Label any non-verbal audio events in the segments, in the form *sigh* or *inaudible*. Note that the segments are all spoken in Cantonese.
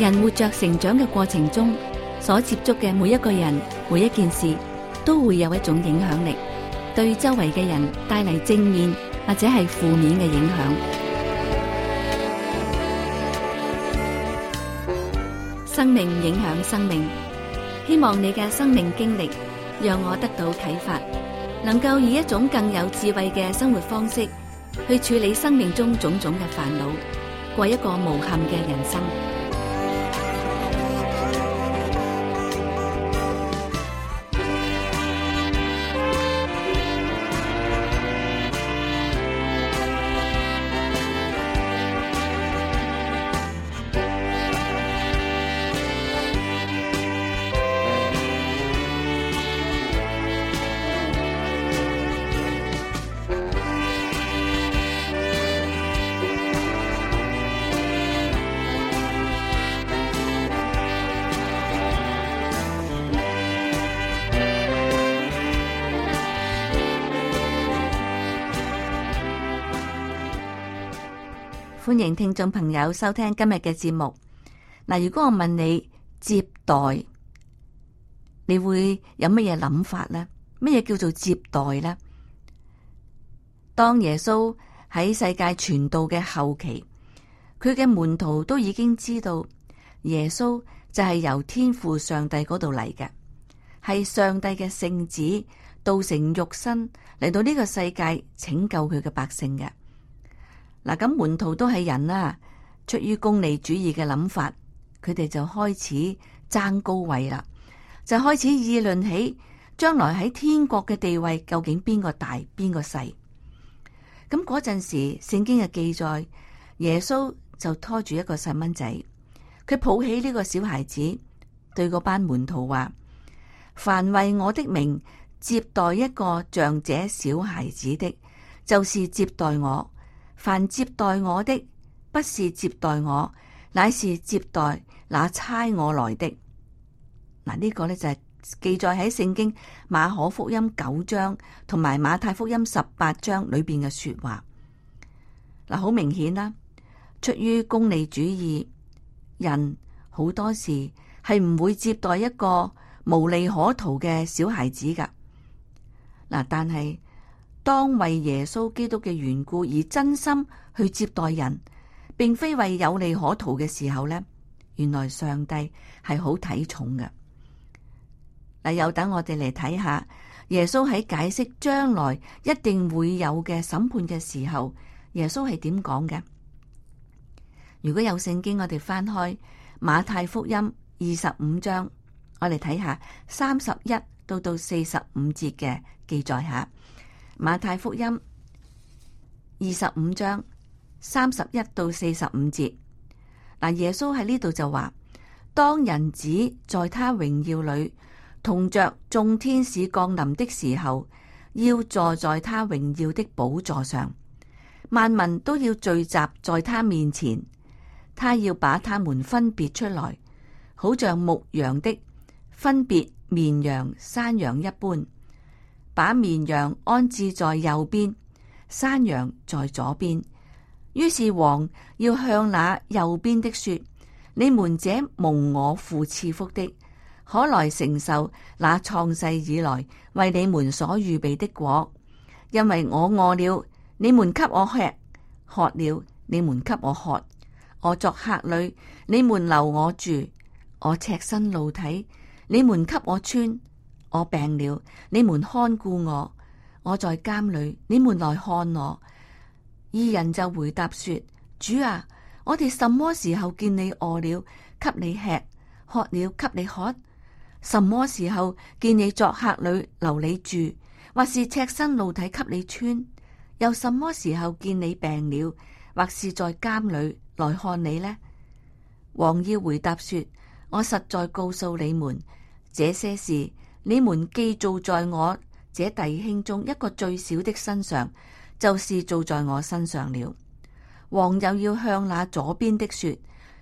人活着成長嘅過程中，所接觸嘅每一個人、每一件事，都會有一種影響力，對周圍嘅人帶嚟正面或者係負面嘅影響。 *noise* 生命影響生命，希望你嘅生命經歷讓我得到啟發，能夠以一種更有智慧嘅生活方式去處理生命中種種嘅煩惱，過一個無憾嘅人生。歡迎聽眾朋友收聽今日嘅節目。嗱，如果我問你接待，你會有乜嘢諗法呢？乜嘢叫做接待呢？當耶穌喺世界傳道嘅後期，佢嘅門徒都已經知道耶穌就係由天父上帝嗰度嚟嘅，係上帝嘅聖子，道成肉身嚟到呢個世界拯救佢嘅百姓嘅。嗱，咁門徒都係人啦，啊，出於功利主義嘅諗法，佢哋就開始爭高位啦，就開始議論起將來喺天國嘅地位究竟邊個大邊個細。咁嗰陣時，聖經嘅記載，耶穌就拖住一個細蚊仔，佢抱起呢個小孩子，對嗰班門徒話：凡為我的名接待一個像這小孩子的，就是接待我。凡接待我的，不是接待我，乃是接待那差我來的。嗱，呢個咧就係記載喺聖經馬可福音九章同埋馬太福音十八章裏邊嘅說話。嗱，好明顯啦，出於功利主義，人好多時係唔會接待一個無利可圖嘅小孩子噶。嗱，但係。當為耶穌基督嘅緣故而真心去接待人，並非為有利可圖嘅時候呢，原來上帝係好睇重嘅嗱。又等我哋嚟睇下耶穌喺解釋將來一定會有嘅審判嘅時候，耶穌係點講嘅？如果有聖經，我哋翻開馬太福音二十五章，我哋睇下三十一到到四十五節嘅記載下。馬太福音二十五章三十一到四十五節，嗱，耶穌喺呢度就話：當人子在他榮耀裏同着眾天使降臨的時候，要坐在他榮耀的寶座上，萬民都要聚集在他面前，他要把他們分別出來，好像牧羊的分別綿羊山羊一般。把綿羊安置在右邊，山羊在左邊。於是王要向那右邊的說：你們這蒙我父賜福的，可來承受那創世以來為你們所預備的國。因為我餓了，你們給我吃；渴了，你們給我喝；我作客旅，你們留我住；我赤身露體，你們給我穿。我病了，你們看顧我；我在監裏，你們來看我。二人就回答說：主啊，我哋什麼時候見你餓了，給你吃；喝了，給你喝；什麼時候見你作客旅，留你住，或是赤身露體給你穿？又什麼時候見你病了，或是在監裏來看你呢？王要回答說：我實在告訴你們這些事。你們既做在我這弟兄中一個最小的身上，就是做在我身上了。王又要向那左邊的說：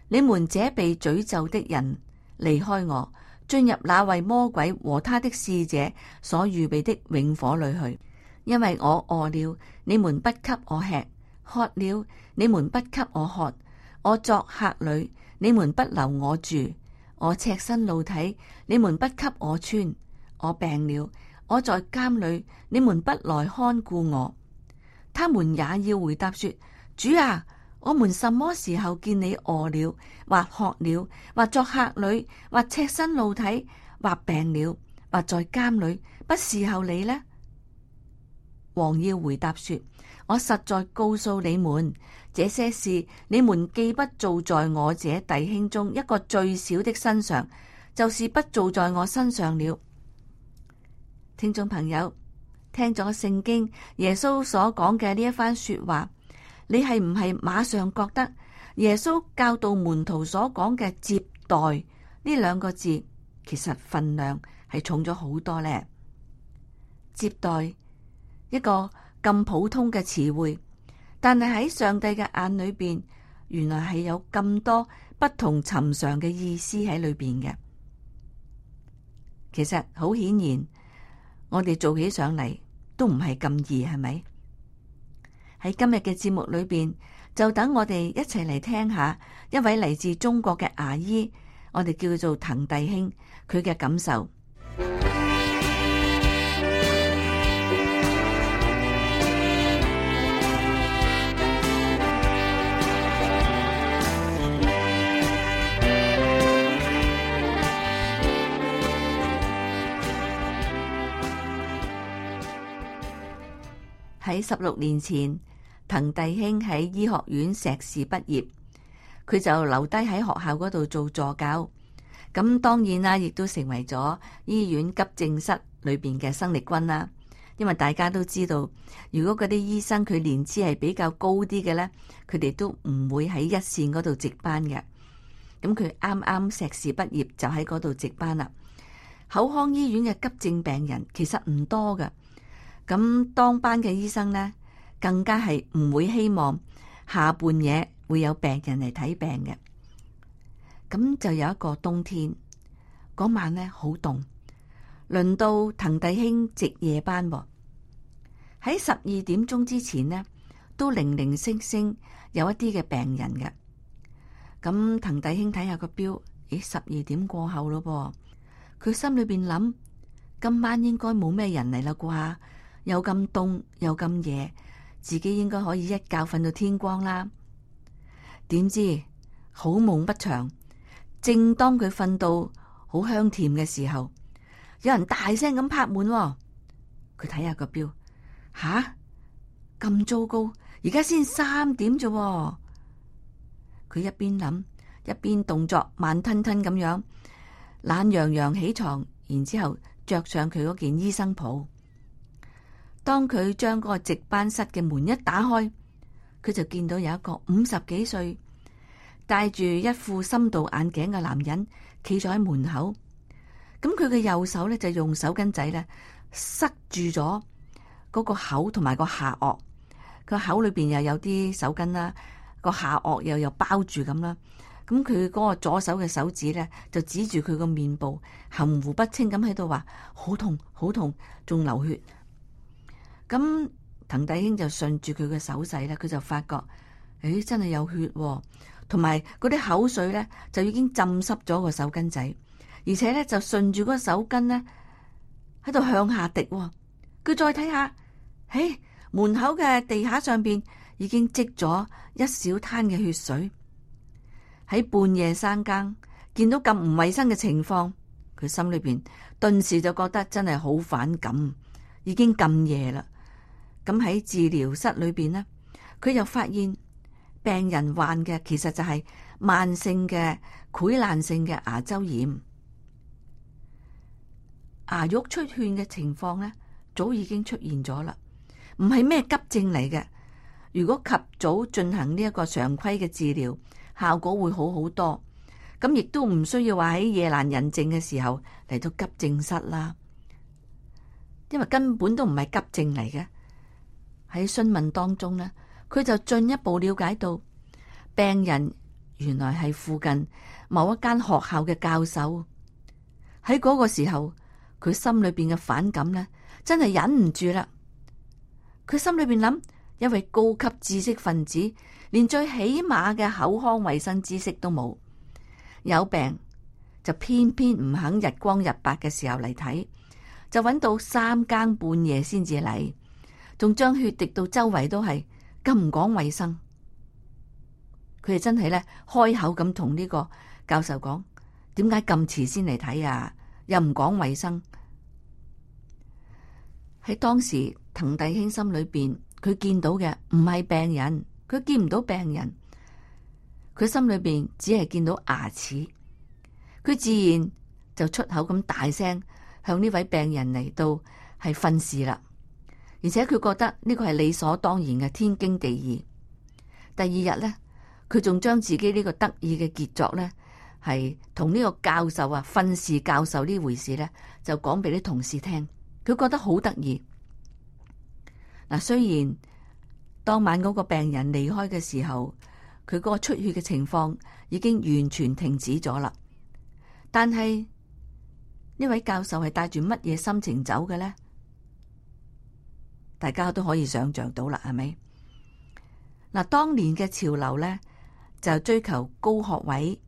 你們這被詛咒的人，離開我，進入那位魔鬼和他的使者所預備的永火裏去，因為我餓了，你們不給我吃；渴了，你們不給我喝；我作客旅，你們不留我住；我赤身露體，你們不給我穿。我病了，我在監裏，你們不來看顧我。他們也要回答說：主啊，我們什麼時候見你餓了，或渴了，或作客里，或赤身露體，或病了，或在監裏，不侍候你呢？王要回答說：我實在告訴你們，這些事你們既不做在我這弟兄中一個最小的身上，就是不做在我身上了。聽眾朋友聽咗聖經耶穌所講嘅呢一番說話，你係唔係馬上覺得耶穌教導門徒所講嘅接待呢兩個字，其實份量係重咗好多呢？接待一個咁普通嘅詞彙，但係喺上帝嘅眼裏邊，原來係有咁多不同尋常嘅意思喺裏邊嘅。其實好顯然。我哋做起上嚟都唔係咁易，係咪？喺今日嘅節目裏邊，就等我哋一齊嚟聽一下一位嚟自中國嘅牙醫，我哋叫做滕弟兄，佢嘅感受。喺十六年前，滕弟兄喺醫學院碩士畢業，佢就留低喺學校嗰度做助教。咁當然啦，亦都成為咗醫院急症室裏邊嘅生力軍啦。因為大家都知道，如果嗰啲醫生佢年資係比較高啲嘅咧，佢哋都唔會喺一線嗰度值班嘅。咁佢啱啱碩士畢業就喺嗰度值班啦。口腔醫院嘅急症病人其實唔多㗎。咁當班嘅醫生咧，更加係唔會希望下半夜會有病人嚟睇病嘅。咁就有一個冬天嗰晚咧，好凍，輪到藤弟兄值夜班喎噃。喺十二點鐘之前咧，都零零星星有一啲嘅病人嘅。咁藤弟兄睇下個表，咦，十二點過後咯噃。佢心裏邊諗今晚應該冇咩人嚟啦啩。有咁凍，有咁夜，自己應該可以一覺瞓到天光啦。點知好夢不長，正當佢瞓到好香甜嘅時候，有人大聲咁拍門、哦。佢睇下個表，吓、啊、咁糟糕，而家先三點啫。佢一邊諗，一邊動作慢吞吞咁樣，懶洋洋起床，然之後着上佢嗰件醫生袍。當佢將嗰個值班室嘅門一打開，佢就見到有一個五十幾歲，戴住一副深度眼鏡嘅男人企咗喺門口。咁佢嘅右手咧就用手巾仔咧塞住咗嗰個口同埋個下顎。個口裏邊又有啲手巾啦，個下顎又又包住咁啦。咁佢嗰個左手嘅手指咧就指住佢個面部含糊不清咁喺度話：好痛，好痛，仲流血。咁滕大興就順住佢嘅手勢咧，佢就發覺，誒、哎、真係有血，哦，同埋嗰啲口水咧就已經浸濕咗個手巾仔，而且咧就順住嗰個手巾咧喺度向下滴，哦。佢再睇下，誒、哎、門口嘅地下上邊已經積咗一小灘嘅血水。喺半夜三更見到咁唔衛生嘅情況，佢心裏邊頓時就覺得真係好反感。已經咁夜啦。咁喺治療室裏邊咧，佢又發現病人患嘅其實就係慢性嘅潰爛性嘅牙周炎，牙肉出血嘅情況咧，早已經出現咗啦，唔係咩急症嚟嘅。如果及早進行呢一個常規嘅治療，效果會好好多。咁亦都唔需要話喺夜闌人靜嘅時候嚟到急症室啦，因為根本都唔係急症嚟嘅。喺詢問當中呢，佢就進一步了解到病人原來係附近某一間學校嘅教授。喺嗰個時候，佢心裏邊嘅反感呢真係忍唔住啦。佢心裏邊諗，一位高級知識分子連最起碼嘅口腔衛生知識都冇，有病就偏偏唔肯日光日白嘅時候嚟睇，就揾到三更半夜先至嚟。仲將血滴到周圍都係，咁唔講衛生。佢哋真係咧開口咁同呢個教授講，點解咁遲先嚟睇啊？又唔講衛生。喺當時滕弟兄心裏邊，佢見到嘅唔係病人，佢見唔到病人，佢心裏邊只係見到牙齒，佢自然就出口咁大聲向呢位病人嚟到係訓示啦。而且佢覺得呢個係理所當然嘅天經地義。第二日呢，佢仲將自己呢個得意嘅傑作呢，係同呢個教授啊，訓示教授呢回事呢，就講俾啲同事聽。佢覺得好得意。嗱，雖然當晚嗰個病人離開嘅時候，佢嗰個出血嘅情況已經完全停止咗啦，但係呢位教授係帶住乜嘢心情走嘅呢？大家都可以想象到啦，係咪嗱？當年嘅潮流咧，就追求高學位，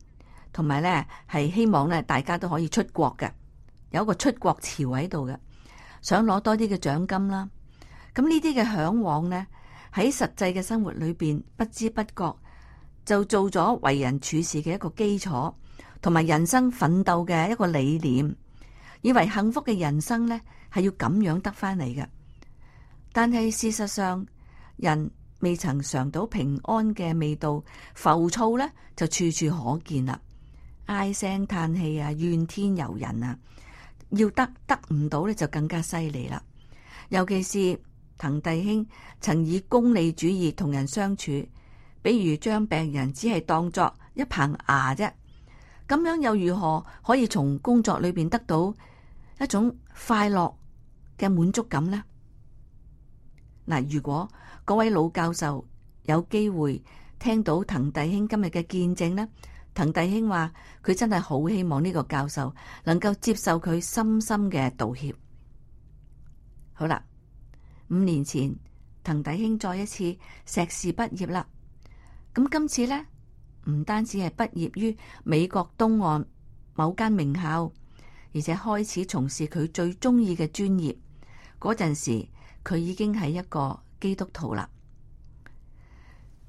同埋咧係希望咧，大家都可以出國嘅，有個出國潮喺度嘅，想攞多啲嘅獎金啦。咁呢啲嘅向往咧，喺實際嘅生活裏邊不知不覺就做咗為人處事嘅一個基礎，同埋人生奮鬥嘅一個理念，以為幸福嘅人生咧係要咁樣得翻嚟嘅。但係事實上，人未曾嘗到平安嘅味道，浮躁咧就處處可見啦。唉聲嘆氣啊，怨天尤人啊，要得得唔到咧就更加犀利啦。尤其是滕弟兄曾以功利主義同人相處，比如將病人只係當作一棚牙啫，咁樣又如何可以從工作裏面得到一種快樂嘅滿足感咧？嗱，如果嗰位老教授有機會聽到滕弟兄今日嘅見證呢，滕弟兄話佢真係好希望呢個教授能夠接受佢深深嘅道歉。好啦，五年前滕弟兄再一次碩士畢業啦，咁今次呢，唔單止係畢業於美國東岸某間名校，而且開始從事佢最中意嘅專業嗰陣時。佢已經係一個基督徒啦。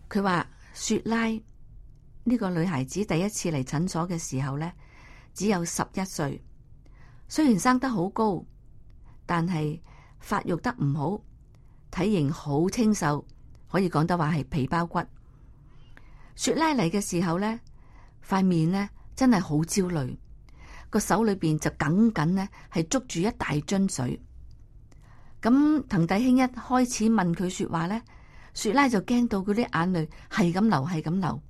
佢話雪拉呢個女孩子第一次嚟診所嘅時候呢，只有十一歲，雖然生得好高，但係發育得唔好，體型好清瘦，可以講得話係皮包骨。雪拉嚟嘅時候呢，塊面呢真係好焦慮，個手裏邊就緊緊呢係捉住一大樽水。咁藤弟兄一開始問佢說話咧，雪拉就驚到佢啲眼淚係咁流係咁流，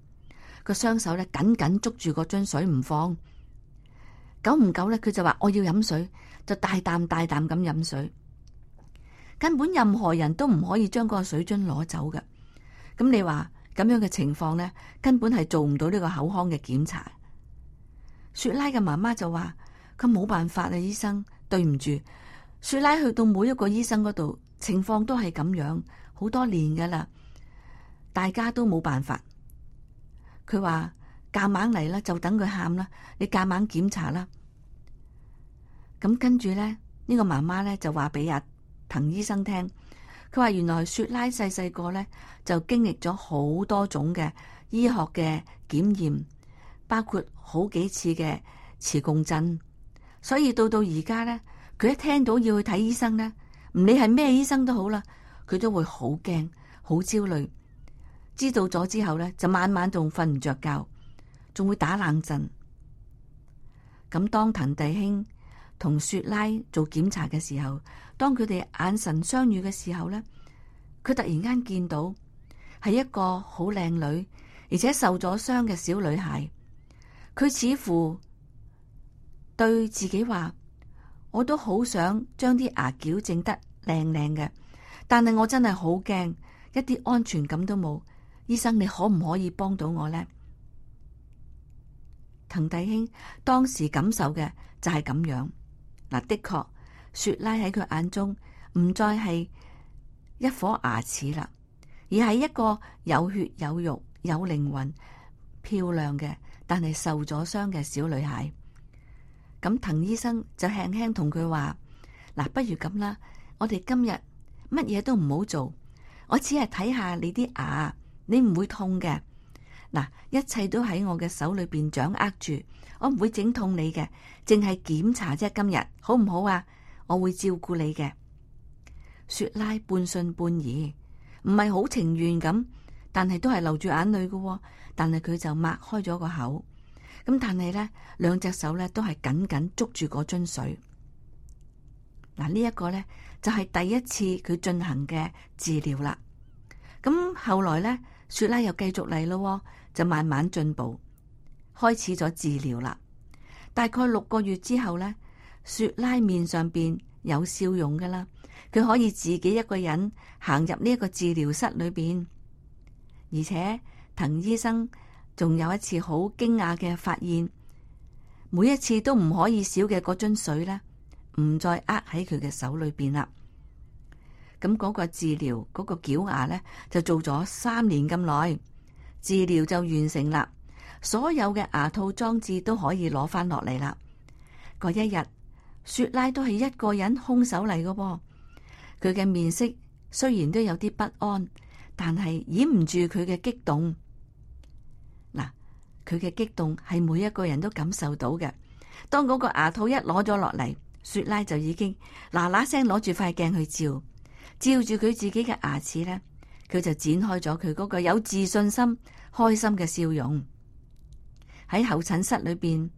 個雙手咧緊緊捉住個樽水唔放。久唔久咧，佢就話我要飲水，就大啖大啖咁飲水。根本任何人都唔可以將嗰個水樽攞走嘅。咁你話咁樣嘅情況咧，根本係做唔到呢個口腔嘅檢查。雪拉嘅媽媽就話：佢冇辦法啊，醫生，對唔住。雪拉去到每一個醫生嗰度，情況都係咁樣，好多年噶啦，大家都冇辦法。佢話夾硬嚟啦，就等佢喊啦，你夾硬檢查啦。咁跟住咧，呢、這個媽媽咧就話俾阿藤醫生聽，佢話原來雪拉細細個咧就經歷咗好多種嘅醫學嘅檢驗，包括好幾次嘅磁共振，所以到到而家咧。佢一聽到要去睇醫生咧，唔理係咩醫生都好啦，佢都會好驚、好焦慮。知道咗之後咧，就晚晚仲瞓唔着覺，仲會打冷震。咁當藤弟兄同雪拉做檢查嘅時候，當佢哋眼神相遇嘅時候咧，佢突然間見到係一個好靚女，而且受咗傷嘅小女孩。佢似乎對自己話。我都好想將啲牙矯正得靚靚嘅，但係我真係好驚，一啲安全感都冇。醫生，你可唔可以幫到我呢？藤弟兄當時感受嘅就係咁樣，嗱，的確，雪拉喺佢眼中唔再係一顆牙齒啦，而係一個有血有肉有靈魂、漂亮嘅，但係受咗傷嘅小女孩。咁藤醫生就輕輕同佢話：嗱，不如咁啦，我哋今日乜嘢都唔好做，我只係睇下你啲牙，你唔會痛嘅。嗱，一切都喺我嘅手裏邊掌握住，我唔會整痛你嘅，淨係檢查啫。今日好唔好啊？我會照顧你嘅。雪拉半信半疑，唔係好情願咁，但係都係流住眼淚嘅喎。但係佢就擘開咗個口。咁但係咧，兩隻手咧都係緊緊捉住嗰樽水。嗱，呢一個咧就係第一次佢進行嘅治療啦。咁後來咧，雪拉又繼續嚟咯，就慢慢進步，開始咗治療啦。大概六個月之後咧，雪拉面上邊有笑容噶啦，佢可以自己一個人行入呢一個治療室裏邊，而且藤醫生。仲有一次好驚訝嘅發現，每一次都唔可以少嘅嗰樽水咧，唔再握喺佢嘅手裏邊啦。咁嗰個治療，嗰個矯牙咧，就做咗三年咁耐，治療就完成啦。所有嘅牙套裝置都可以攞翻落嚟啦。嗰一日，雪拉都係一個人空手嚟嘅噃，佢嘅面色雖然都有啲不安，但係掩唔住佢嘅激動。佢嘅激動係每一個人都感受到嘅。當嗰個牙套一攞咗落嚟，雪拉就已經嗱嗱聲攞住塊鏡去照，照住佢自己嘅牙齒咧，佢就展開咗佢嗰個有自信心、開心嘅笑容。喺候診室裏邊，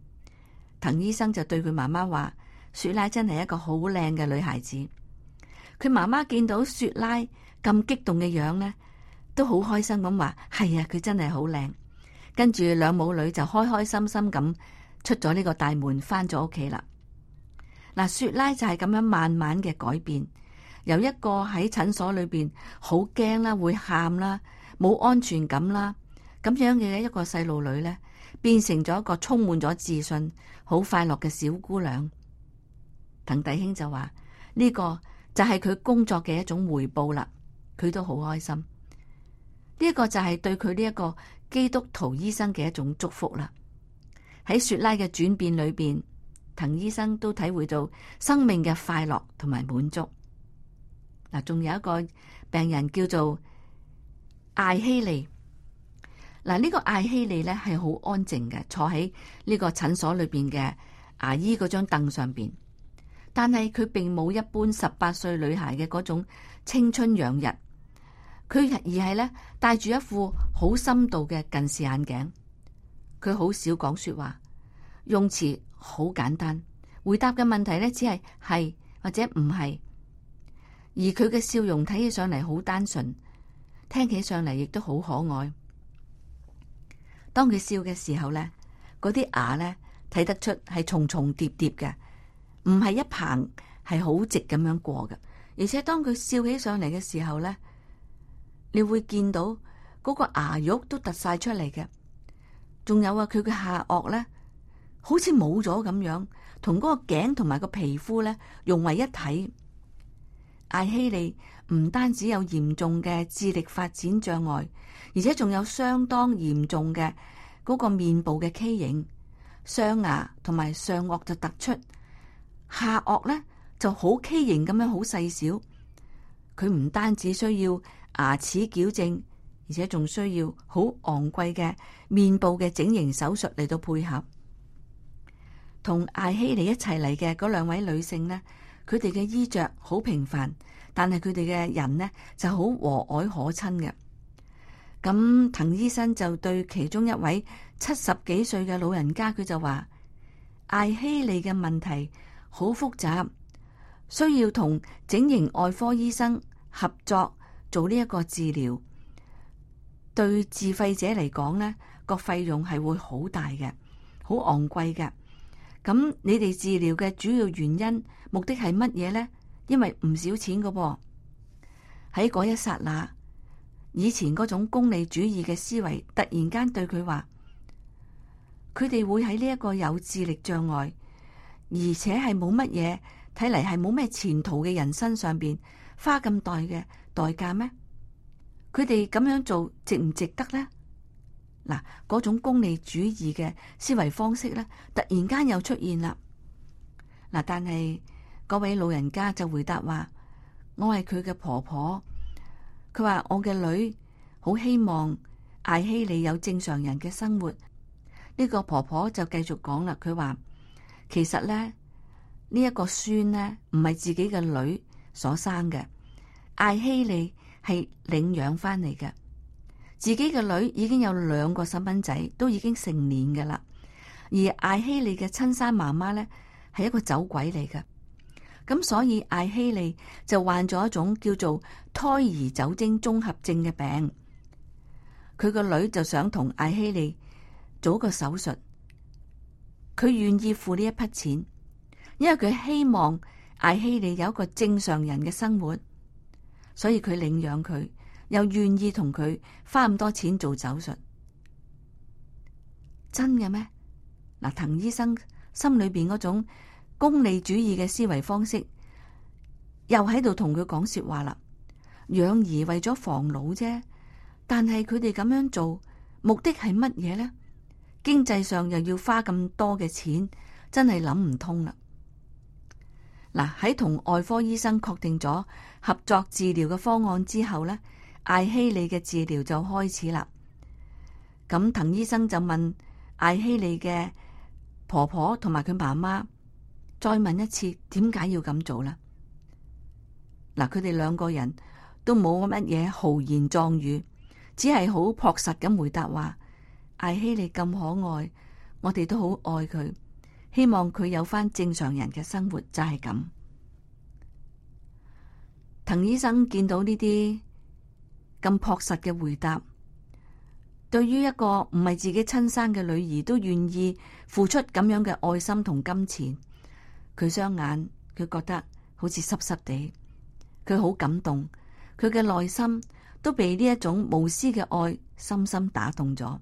藤醫生就對佢媽媽話：雪拉真係一個好靚嘅女孩子。佢媽媽見到雪拉咁激動嘅樣咧，都好開心咁話：係啊，佢真係好靚。跟住兩母女就開開心心咁出咗呢個大門，翻咗屋企啦。嗱、啊，雪拉就係咁樣慢慢嘅改變，由一個喺診所裏邊好驚啦，會喊啦，冇安全感啦，咁樣嘅一個細路女呢，變成咗一個充滿咗自信、好快樂嘅小姑娘。鄧弟兄就話呢、這個就係佢工作嘅一種回報啦，佢都好開心。呢、這、一個就係對佢呢一個基督徒醫生嘅一種祝福啦，喺雪拉嘅轉變裏邊，藤醫生都體會到生命嘅快樂同埋滿足。嗱，仲有一個病人叫做艾希利，嗱、這、呢個艾希利咧，係好安靜嘅，坐喺呢個診所裏邊嘅牙醫嗰張凳上邊，但係佢並冇一般十八歲女孩嘅嗰種青春洋溢。佢而係咧，戴住一副好深度嘅近視眼鏡。佢好少講說話，用詞好簡單，回答嘅問題咧，只係係或者唔係。而佢嘅笑容睇起上嚟好單純，聽起上嚟亦都好可愛。當佢笑嘅時候咧，嗰啲牙咧睇得出係重重疊疊嘅，唔係一棚係好直咁樣過嘅。而且當佢笑起上嚟嘅時候咧，你會見到嗰個牙肉都突晒出嚟嘅。仲有啊，佢嘅下顎咧好似冇咗咁樣，同嗰個頸同埋個皮膚咧融為一體。艾希利唔單止有嚴重嘅智力發展障礙，而且仲有相當嚴重嘅嗰個面部嘅畸形，雙牙同埋上顎就突出，下顎咧就好畸形咁樣，好細小。佢唔單止需要。牙齒矯正，而且仲需要好昂貴嘅面部嘅整形手術嚟到配合。同艾希利一齊嚟嘅嗰兩位女性呢，佢哋嘅衣着好平凡，但係佢哋嘅人呢就好和藹可親嘅。咁藤醫生就對其中一位七十幾歲嘅老人家，佢就話艾希利嘅問題好複雜，需要同整形外科醫生合作。做呢一個治療對自費者嚟講咧，個費用係會好大嘅，好昂貴嘅。咁你哋治療嘅主要原因目的係乜嘢咧？因為唔少錢㗎喎。喺嗰一剎那，以前嗰種功利主義嘅思維突然間對佢話，佢哋會喺呢一個有智力障礙而且係冇乜嘢睇嚟係冇咩前途嘅人身上邊花咁大嘅代價咩？佢哋咁樣做值唔值得呢？嗱，嗰種功利主義嘅思維方式咧，突然間又出現啦。嗱，但係嗰位老人家就回答話：我係佢嘅婆婆。佢話我嘅女好希望艾希里有正常人嘅生活。呢個婆婆就繼續講啦，佢話其實咧呢一個孫呢唔係自己嘅女所生嘅。艾希利係領養翻嚟嘅，自己嘅女已經有兩個細蚊仔，都已經成年嘅啦。而艾希利嘅親生媽媽咧係一個酒鬼嚟嘅，咁所以艾希利就患咗一種叫做胎兒酒精綜合症嘅病。佢個女就想同艾希利做一個手術，佢願意付呢一筆錢，因為佢希望艾希利有一個正常人嘅生活。所以佢領養佢，又願意同佢花咁多錢做手術，真嘅咩？嗱，藤醫生心裏邊嗰種功利主義嘅思維方式，又喺度同佢講說話啦。養兒為咗防老啫，但係佢哋咁樣做目的係乜嘢呢？經濟上又要花咁多嘅錢，真係諗唔通啦。嗱，喺同外科醫生確定咗，合作治療嘅方案之後呢，艾希利嘅治療就開始啦。咁藤醫生就問艾希利嘅婆婆同埋佢媽媽，再問一次點解要咁做啦？嗱，佢哋兩個人都冇乜嘢豪言壯語，只係好樸實咁回答話：艾希利咁可愛，我哋都好愛佢，希望佢有翻正常人嘅生活，就係咁。藤醫生見到呢啲咁樸實嘅回答，對於一個唔係自己親生嘅女兒都願意付出咁樣嘅愛心同金錢，佢雙眼佢覺得好似濕濕地，佢好感動，佢嘅內心都被呢一種無私嘅愛深深打動咗。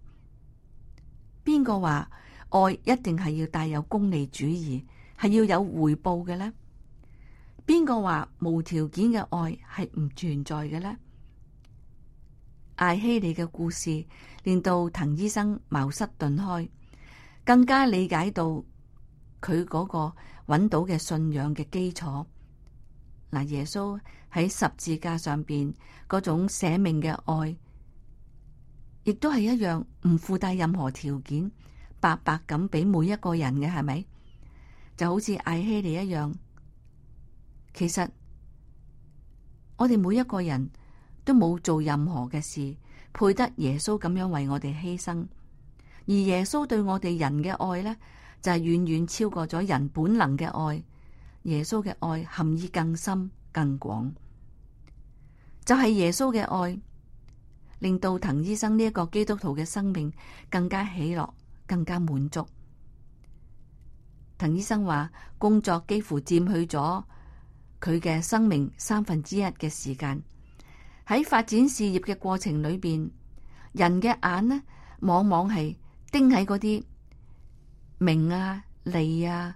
邊個話愛一定係要帶有功利主義，係要有回報嘅呢？邊個話無條件嘅愛係唔存在嘅呢？艾希利嘅故事令到藤醫生茅塞頓開，更加理解到佢嗰個揾到嘅信仰嘅基礎。嗱，耶穌喺十字架上邊嗰種捨命嘅愛，亦都係一樣唔附帶任何條件，白白咁俾每一個人嘅，係咪？就好似艾希利一樣。其實我哋每一個人都冇做任何嘅事，配得耶穌咁樣為我哋犧牲。而耶穌對我哋人嘅愛呢，就係遠遠超過咗人本能嘅愛。耶穌嘅愛含義更深更廣，就係耶穌嘅愛令到藤醫生呢一個基督徒嘅生命更加喜樂，更加滿足。藤醫生話：工作幾乎佔去咗。佢嘅生命三分之一嘅時間喺發展事業嘅過程裏邊，人嘅眼呢，往往係盯喺嗰啲名啊、利啊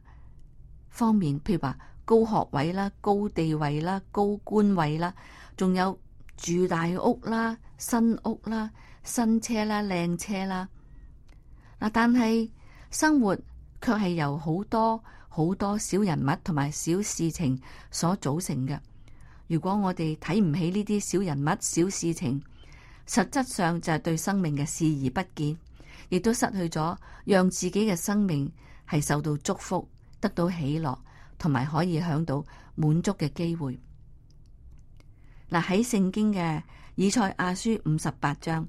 方面，譬如話高學位啦、高地位啦、高官位啦，仲有住大屋啦、新屋啦、新車啦、靚車啦。嗱，但係生活卻係由好多。好多小人物同埋小事情所組成嘅。如果我哋睇唔起呢啲小人物、小事情，實質上就係對生命嘅視而不見，亦都失去咗讓自己嘅生命係受到祝福、得到喜樂同埋可以享到滿足嘅機會。嗱，喺聖經嘅以賽亞書五十八章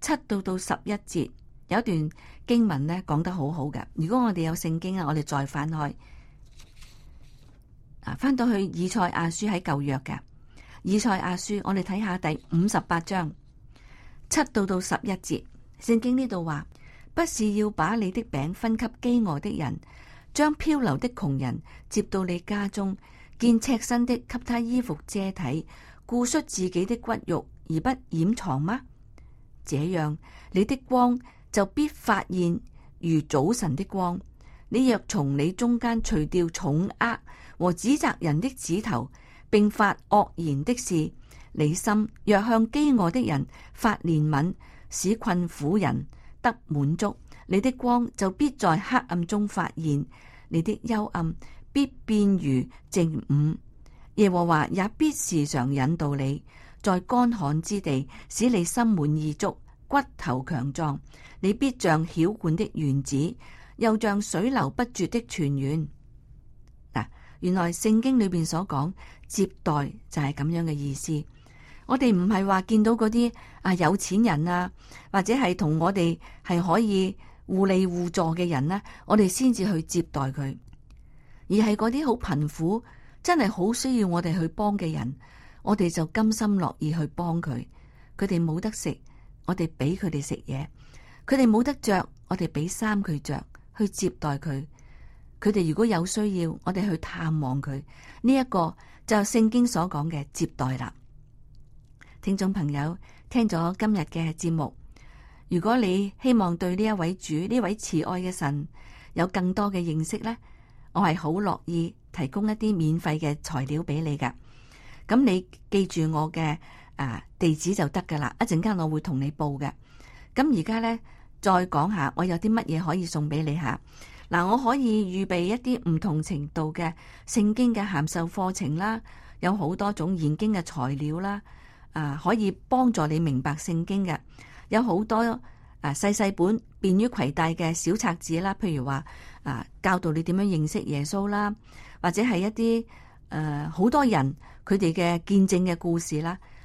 七到到十一節。有一段經文咧講得好好嘅，如果我哋有聖經啊，我哋再翻開啊，翻到去以賽亞書喺舊約嘅以賽亞書，我哋睇下第五十八章七到到十一節，聖經呢度話，不是要把你的餅分給飢餓的人，將漂流的窮人接到你家中，見赤身的給他衣服遮體，顧恤自己的骨肉而不掩藏嗎？這樣你的光。就必發現如早晨的光。你若從你中間除掉重壓和指責人的指頭，並發惡言的事，你心若向飢餓的人發憐憫，使困苦人得滿足，你的光就必在黑暗中發現，你的幽暗必變如正午。耶和華也必時常引導你，在乾旱之地使你心滿意足。骨頭強壯，你必像澆灌的園子，又像水流不絕的泉源嗱。原來聖經裏邊所講接待就係咁樣嘅意思。我哋唔係話見到嗰啲啊有錢人啊，或者係同我哋係可以互利互助嘅人咧，啊，我哋先至去接待佢，而係嗰啲好貧苦，真係好需要我哋去幫嘅人，我哋就甘心樂意去幫佢。佢哋冇得食。我哋俾佢哋食嘢，佢哋冇得着，我哋俾衫佢着去接待佢。佢哋如果有需要，我哋去探望佢。呢一個就聖經所講嘅接待啦。聽眾朋友聽咗今日嘅節目，如果你希望對呢一位主、呢位慈愛嘅神有更多嘅認識呢，我係好樂意提供一啲免費嘅材料俾你噶。咁你記住我嘅。啊！地址就得噶啦，一陣間我會同你報嘅。咁而家咧，再講下，我有啲乜嘢可以送俾你吓嗱、啊？我可以預備一啲唔同程度嘅聖經嘅函授課程啦，有好多種研經嘅材料啦，啊，可以幫助你明白聖經嘅。有好多啊，細細本便於携帶嘅小冊子啦，譬如話啊，教導你點樣認識耶穌啦，或者係一啲誒好多人佢哋嘅見證嘅故事啦。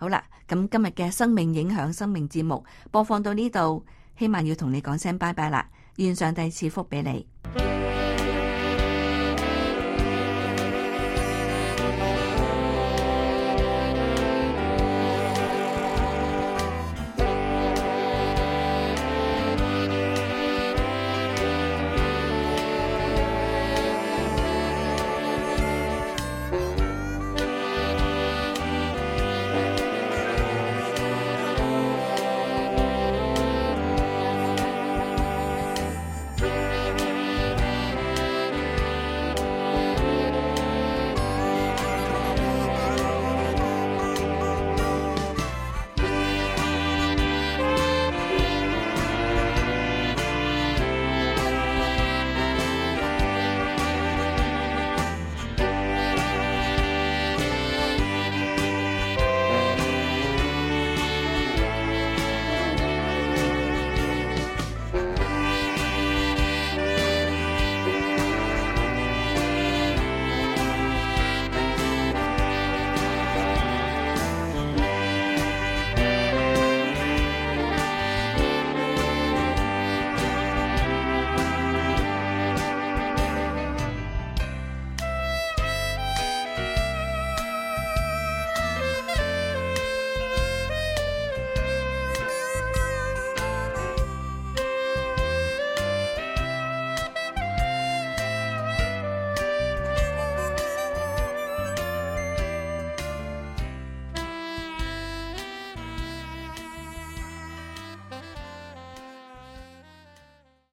好啦，咁今日嘅生命影響生命節目播放到呢度，希望要同你講聲拜拜啦。願上帝賜福俾你。